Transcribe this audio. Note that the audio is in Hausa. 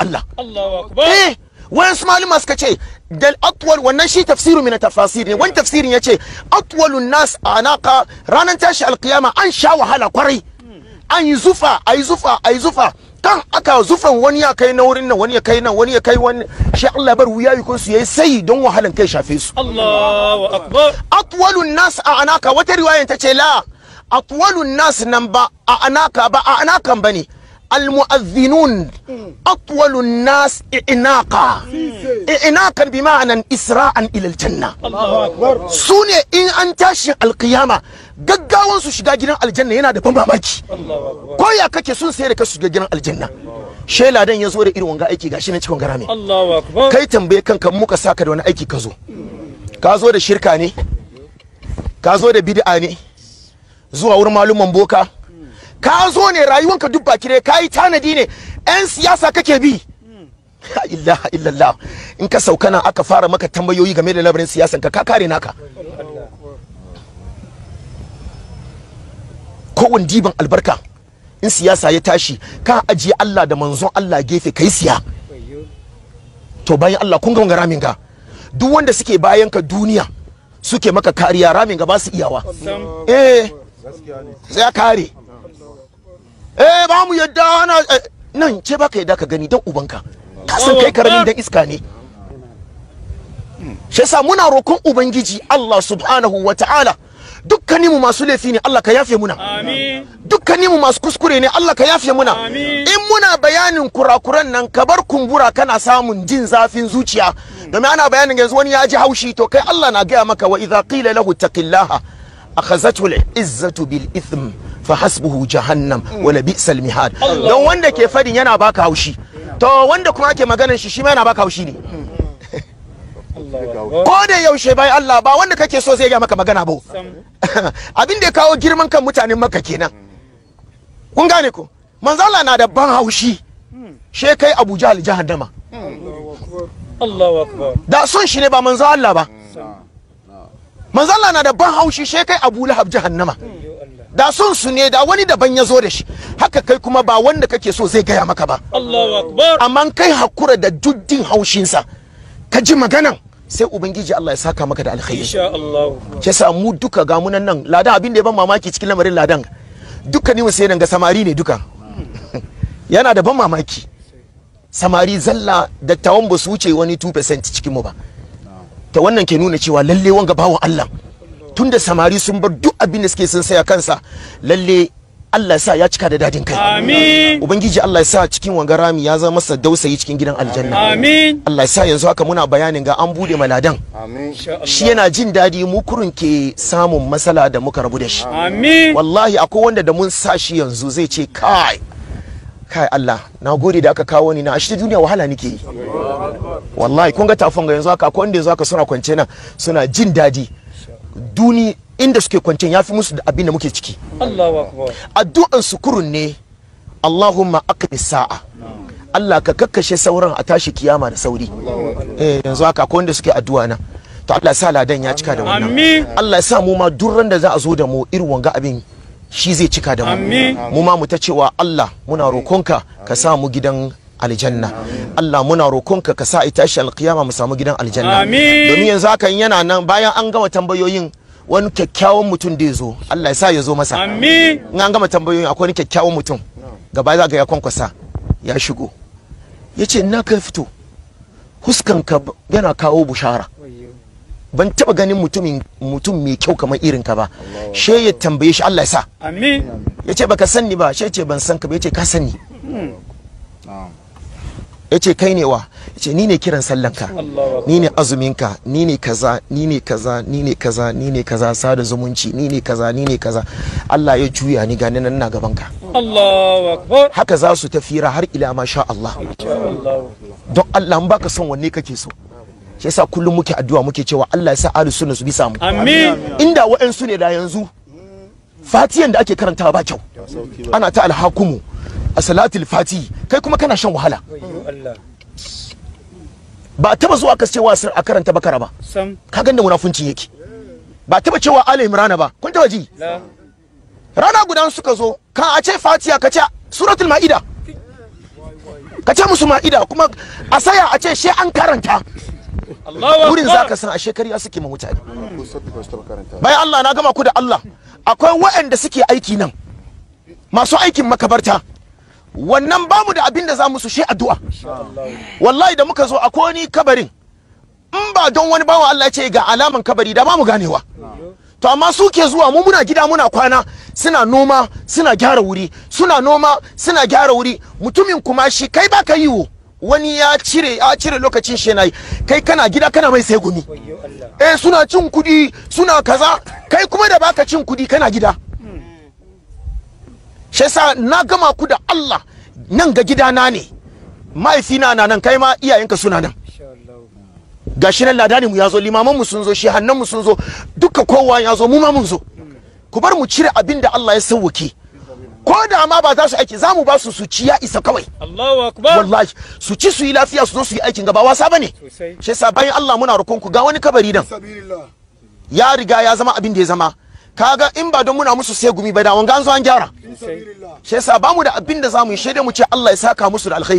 Allah Allahu akbar eh ce dal atwal wannan shi tafsiru min tafasir ne wani tafsirin yace atwalun nas anaka ranar tashi alkiyama an sha wahala kwarai an yi zufa ayi zufa ayi zufa kan aka zufan wani ya kai na wurin nan wani ya kai nan wani ya kai wani shi Allah bar wuya yukun su yayi sayi don wahalan kai shafe su allah Allahu akbar atwalun nas anaka wata riwayan ce la atwalun nas nan ba a anaka ba a anakan ba ne. المؤذنون أطول الناس إعناقا إعناقا بمعنى إسراء إلى الجنة سوني إن an القيامة gaggawan su shiga gidan aljanna yana da bambamaki ko ya kake sun sayar da ka shiga gidan aljanna shela dan ya zo da irin wanga aiki gashi na cikin garame kai tambaye kanka muka saka da wani aiki ka zo ka zo da shirka ne ka zo da bid'a ne zuwa wurin maluman boka ka zo ne rayuwanka duk baki ne ka tanadi ne 'yan siyasa kake bi ilaha illallah in ka sauka nan aka fara maka tambayoyi game da labarin siyasan ka kare naka kowane diban albarka in siyasa ya tashi ka ajiye Allah da manzon Allah gefe kai siya to bayan Allah kun ganga ramin ga duk wanda suke bayan ka duniya suke maka kariya ramin ga ba su iyawa eh sai ya kare eh ba mu yadda ana eh, nan ce ba ka yadda ka gani dan ubanka ka san kai karamin dan iska ne shi yasa muna roƙon ubangiji Allah subhanahu wa ta'ala dukkanin masu laifi ne Allah ka yafe muna dukkanin mu masu kuskure ne Allah ka yafe muna in muna bayanin kurakuran nan ka bar kumbura kana samun jin zafin zuciya domin ana bayanin yanzu wani ya ji haushi to kai Allah na gaya maka wa idza qila lahu taqillaha akhazatu al-izzatu bil ithm fa hasbuhu jahannam wa la bi'sal mihad don wanda ke fadin yana baka haushi to wanda kuma ake maganar shi shi ma yana baka haushi ne ko da yaushe bai Allah ba wanda kake so zai ga maka magana ba abin da ya kawo girman kan mutanen maka kenan kun gane ko manzo Allah na da ban haushi she kai Abu Jahl jahannama Allahu akbar da son shi ne ba manzo Allah ba Manzala na da ban haushi she kai Abu Lahab jahannama da son su ne da wani daban ya zo da shi haka kai kuma ba wanda kake so zai gaya maka ba Allahu akbar amma kai hakura da duddin haushinsa ka ji maganan sai ubangiji Allah ya saka maka da alkhairi insha Allah ke yasa mu duka ga munan nan ladan abin da ya ban mamaki cikin lamarin ladan duka ni sai nan ga samari ne duka yana da ban mamaki samari zalla da ba su wuce wani 2% cikin mu ba ta wannan ke nuna cewa lalle wanga bawan Allah da samari sun bar duk abin da suke sun saya kansa lalle Allah sa ya cika da dadin kai. Ubangiji Allah ya sa cikin wangarami ya zama masa dausayi cikin gidan aljanna. Amin. Allah ya sa yanzu haka muna bayanin ga an bude maladan. Shi yana jin dadi mu kurun ke samun matsala da muka rabu da shi. Wallahi akwai wanda da mun sa shi yanzu zai ce kai. kai Allah na gode da aka kawo ni na a ta duniya wahala nake yi wallahi kun ga tafon ga yanzu haka ko yanzu haka suna kwance nan suna jin daɗi duni inda suke kwance ya fi musu da abin da muke ciki addu'an sukurun ne Allahumma aqdi sa'a Allah ka kakkashe sauran a tashi kiyama da sauri eh yanzu haka ko inda suke addu'a na to Allah ya sa ladan ya cika da wannan Allah ya sa mu ma duran da za a zo da mu irin wanga abin shi zai cika da mu mu ma mu ta cewa Allah muna rokonka ka sa mu gidan aljanna Allah muna rokonka ka sa ita shi alƙiyama mu samu gidan aljanna domin yanzu hakan yana nan bayan an gama tambayoyin wani kyakkyawan mutum da ya zo Allah ya sa ya zo masa in an gama tambayoyin akwai wani kyakkyawan mutum gaba za ga ya kwankwasa ya shigo yace ina ka fito ka yana kawo bushara ban taba ganin mutumin mutum mai kyau kamar irin ka ba she ya tambaye shi Allah ya sa amin yace baka ni ba she ce ban san ka ba yace ka sani yace kai ne wa yace ni ne kiran sallanka ni ne azuminka ni ne kaza ni ne kaza ni ne kaza ni ne kaza sada zumunci ni ne kaza ni ne kaza Allah ya juya ni gani nan na gaban ka Allahu akbar haka za su tafira har ila ma sha Allah don Allah in baka son wanne kake so shi yasa kullum muke addu'a muke cewa Allah ya sa ahlus sunna su bi samu amin inda wa'ansu ne da yanzu fatiyan da ake karantawa ba kyau ana ta alhakumu a salatul fati kai kuma kana shan wahala ba taba zuwa ka cewa a karanta bakara ba ka ganda munafunci yake ba taba cewa ala imrana ba kun taba ji rana guda suka zo ka a ce fatiya ka ce suratul ma'ida ka ce musu ma'ida kuma a saya a ce she an karanta wurin za ka san a ya suke mutane Bai Allah na gama ku da Allah akwai waɗanda suke aiki nan masu aikin makabarta wannan bamu da abin da za mu su shi addu'a wallahi da muka zo akwai ni kabarin in ba don wani bawa Allah ce ga alaman kabari da bamu ganewa to amma su ke zuwa mu muna gida muna kwana suna noma suna gyara wuri suna noma suna gyara wuri mutumin kuma shi kai ba ka wo. wani ya cire ya cire lokacin shi kai kana gida kana mai sai gumi eh suna cin kudi suna kaza kai kuma da baka cin kudi kana gida shi sa na gama ku da Allah nan ga gidana ne mahaifina na nan kai ma iyayenka suna nan gashi nan ladani mu ya zo limaman mu sun zo shi hannan mu sun zo duka kowa ya zo mu ma mun zo ku bar mu cire abinda Allah ya sauwake ko da ma ba za su aiki zamu ba su su ci ya isa kawai Allahu akbar wallahi su su yi lafiya su zo su yi aikin gaba wasa bane shi yasa bayan Allah muna rukun ku ga wani kabari dan ya riga ya zama abin da ya zama kaga in ba don muna musu sai gumi ba da wanga an zo an gyara shi yasa mu da abin da zamu yi shaida mu ce Allah ya saka musu da alkhairi